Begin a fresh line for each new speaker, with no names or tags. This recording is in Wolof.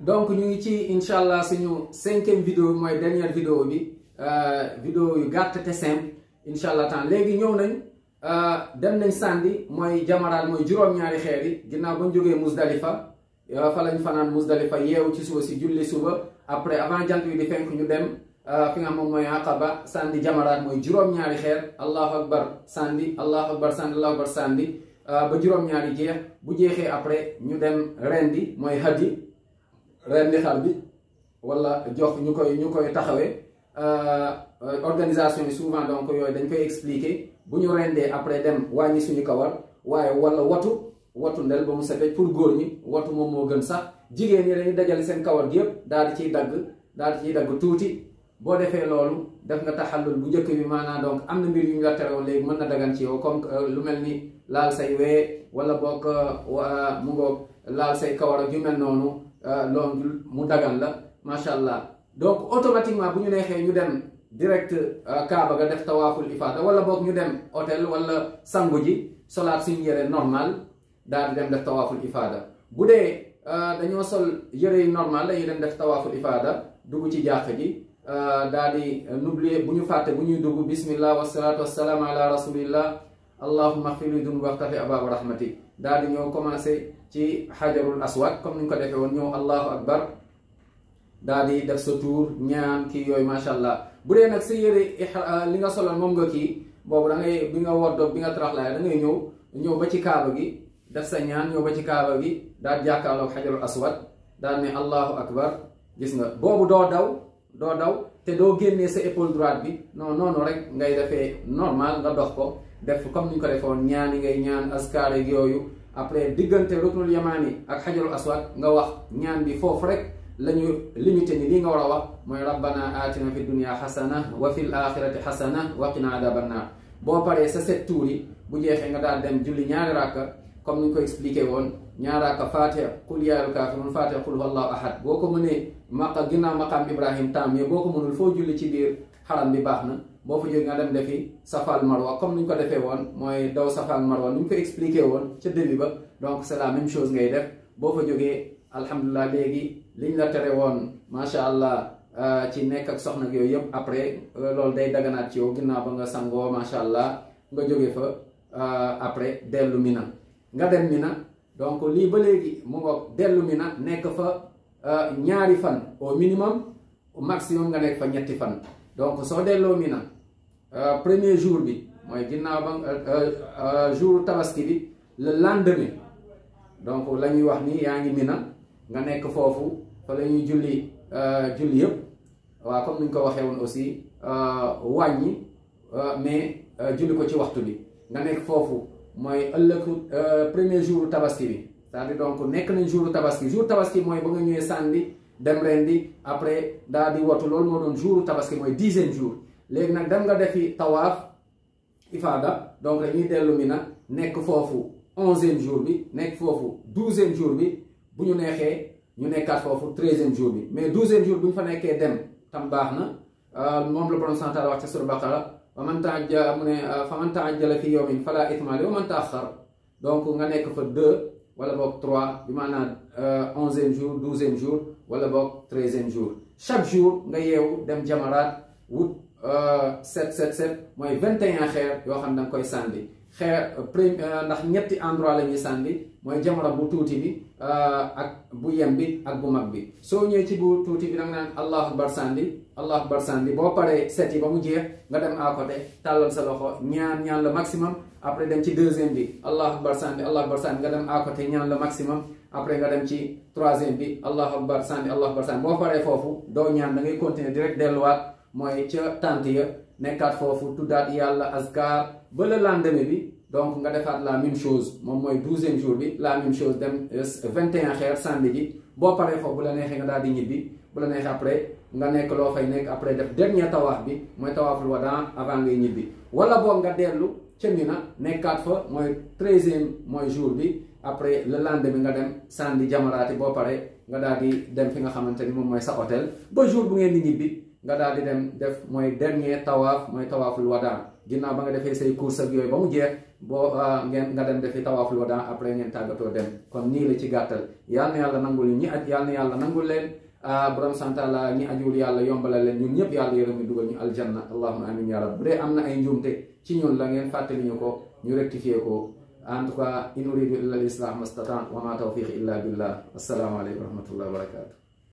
donc ñu ngi ci incha allah suñu cinquième vidéo mooy dernière vidéo bi euh, vidéo yu gàtt te simple incha allah temps léegi ñëw nañ euh, dem nañ sàndi mooy jamaraat mooy juróom-ñaari xeer yi ginnaaw ba ñu jógee Musdalifa euh, fa lañ fanaan Musdalifa yeewu ci suba si julli suba après avant jant bi di fenk ñu dem fi nga xam moom mooy Aqaba sàndi jamaraat mooy juróom-ñaari xeer allahu akbar sàndi allahu akbar sàndi allahu akbar sàndi ba juróom-ñaari jeex bu jeexee après ñu dem rendi mooy hadi rendi xar bi wala jox ñu koy ñu koy taxawee euh, euh, organisation yi souvent donc yooyu dañ koy expliquer bu ñu rendee après dem wàññi suñu kawar waaye wala watu watu ndel ba mu safee pour góor ñi watu moom moo gën sax jigéen ñi dañuy dajale seen kawar gi yëpp daal di ciy dagg daal di ciy dagg tuuti boo defee loolu def nga taxallul bu njëkk bi maanaam donc am na mbir yu ñu la tere woon léegi mën na dagan ci yow comme euh, lu mel ni laal say wee wala bokk mu ngoog laal say kawara ak yu mel noonu euh, loolu mu dagan la macha allah donc automatiquement bu ñu neexee ñu dem direct euh, kaaba ga def tawaaful ifaada wala boog ñu dem hôtel wala sangu ji solaat suñu yére normal daal di dem def tawaaful ifaada bu euh, dañoo sol yére yi normal dañuy dem def tawaaful ifaada dugg ci jàq ji daal di nubli bu ñu fàtte bu ñuy dugg bismillah wasalaatu wasalaam ala rasulillah allahumma xfir li dun waxtafi abaaba rahmatik daal di ñëw commencé ci xajarul aswad comme ni ñu ko defee woon ñëw allahu akbar daal di def sa tuur ñaan kii yooyu macha allah bu dee nag sa yére ah, li nga soloon moom nga kii boobu da bi nga woddoog bi nga taraxlaay da ngay ñëw ñëw ba ci kaaba gi def sa ñaan ñëw ba ci kaaba gi daal jàkkaarloog xajarul aswad daal ne allahu akbar gis nga boobu doo daw doo daw te doo génnee sa épaule droite bi non noonu rek ngay defee normal nga dox ko def comme ni ñu ko defoon ñaan yi ngay ñaan askar yooyu après diggante ruknul yamaani ak xajarul aswad nga wax ñaan bi foofu rek la ñu limité ni lii nga war a wax mooy rabbana a fi dunya xasana wa fil axirati xasana wa qina adaban boo paree sa set tuur yi bu jeexee nga daal dem julli ñaari ràkka comme ni ñu ko expliqué woon ñaaraaka faatiha qul yaa ayyuhal kaafiruun faatiha qul huwallaahu ahad boo ko mënee maqa ginnaaw maqaam ibrahim tam mais boo ko mënul foo julli ci biir xaram bi baax na boo fa jógee nga dem defi safaal marwa comme ni ñu ko defee woon mooy daw safaal marwa ni ñu ko expliqué woon ca début ba donc c' est la même chose ngay def boo fa jógee alhamdulilah léegi liñ la tere woon macha allah euh, ci nekk soxna ak yooyu yëpp après euh, loolu day daganaat ci yow ginnaaw nga sangoo macha allah nga jóge fa euh, après dellu Mina nga dem Mina donc lii ba léegi mu ngoog dellu Mina nekk fa euh, ñaari fan au minimum au maximum nga nekk fa ñetti fan donc soo delloo Mina euh, premier jour bi mooy ginnaaw ba euh, jour tabaski bi le lendemain donc la ñuy wax ni yaa ngi Mina nga nekk foofu fa la ñuy julli julli yëpp waa comme ni ñu ko waxee woon aussi wàññi mais julli ko ci waxtu bi nga nekk foofu. mooy ëllëg euh, premier jour tabaski bi cest à donc nekk nañ jour tabaski jour tabaski mooy ba nga ñëwee sànni dem rendi après daal di watu loolu moo doon jour tabaski mooy dixième jour léegi nag dem nga def defi tawaaf ifaada donc dañuy dellu mi nag nekk foofu onzième jour bi nekk foofu douzième jour bi bu ñu neexee ñu nekkaat foofu treizième jour bi mais douzième jour bu ñu fa nekkee dem tam baax na euh, moom la borom santaal wax ca sur fa man taajjala ne euh, fa man fi yawmin fala ithma alayhi wa man taaxar donc nga nekk fa deux wala boog trois bi maanaam euh, onzième jour douzième jour wala boog treizième jour chaque jour nga yeewu dem jamaraat wut euh, sept sept sept mooy vingt et un yoo xam da nga koy sànni. xeer euh, premier euh, ndax ñetti endroit la ñuy sànni mooy jamono bu tuuti bi euh, ak bu yem bi ak bu mag bi soo ñëwee ci bu tuuti bi danga naan allahu akbar sànni allahu akbar sànni boo paree set ba mu jeex nga dem à côté tàllal sa loxo ñaan ñaan le maximum après dem ci deuxième bi allahu akbar sànni allahu akbar sànni nga dem à côté ñaan le maximum après nga dem ci troisième bi allahu akbar sànni allahu akbar sànni boo paree foofu doo ñaan da continuer direct delluwaat mooy ca tànt ya nekkaat foofu tuddaat yàlla askar ba le lendemain bi donc nga defaat la même chose moom mooy douzième jour bi la même chose dem euh, vingt et un xeer sànni ji boo paree foofu bu la neexee nga daal di ñibbi bu la neexee après nga nekk loo fay nekk après def dernier tawaaf bi mooy tawaaful wadan avant ngay ñibbi wala boog nga dellu ca Mina nekkaat fa mooy treizième mooy jour bi après le lendemain nga dem sànni jamaraati boo pare nga daal di dem fi nga xamante ni moom mooy sa nga daal di dem def mooy dernier tawaaf mooy tawaaful wadaan ginnaaw ba nga defee say course ak yooyu ba mu jeex boo ah, ngeen nga dem defi tawaaful wadaan après ngeen tàggatoo dem kon nii la ci gàttal yàlla yàlla nangul ñi ak yal na yàlla nangul leen ah, borom santala ñi ajuwul yàlla yombala leen ñun ñëpp yàlla yërëm ñu dugal ñu aljanna allahuma amin ya rab bu dee am na ay njuumte ci ñun la ngeen fàttali ñu ko ñu rectifié ko en tout cas in uridu illa l islah mastataan wa ma tawfiq illa billah assalaamu aleykum wa rahmatullahi wa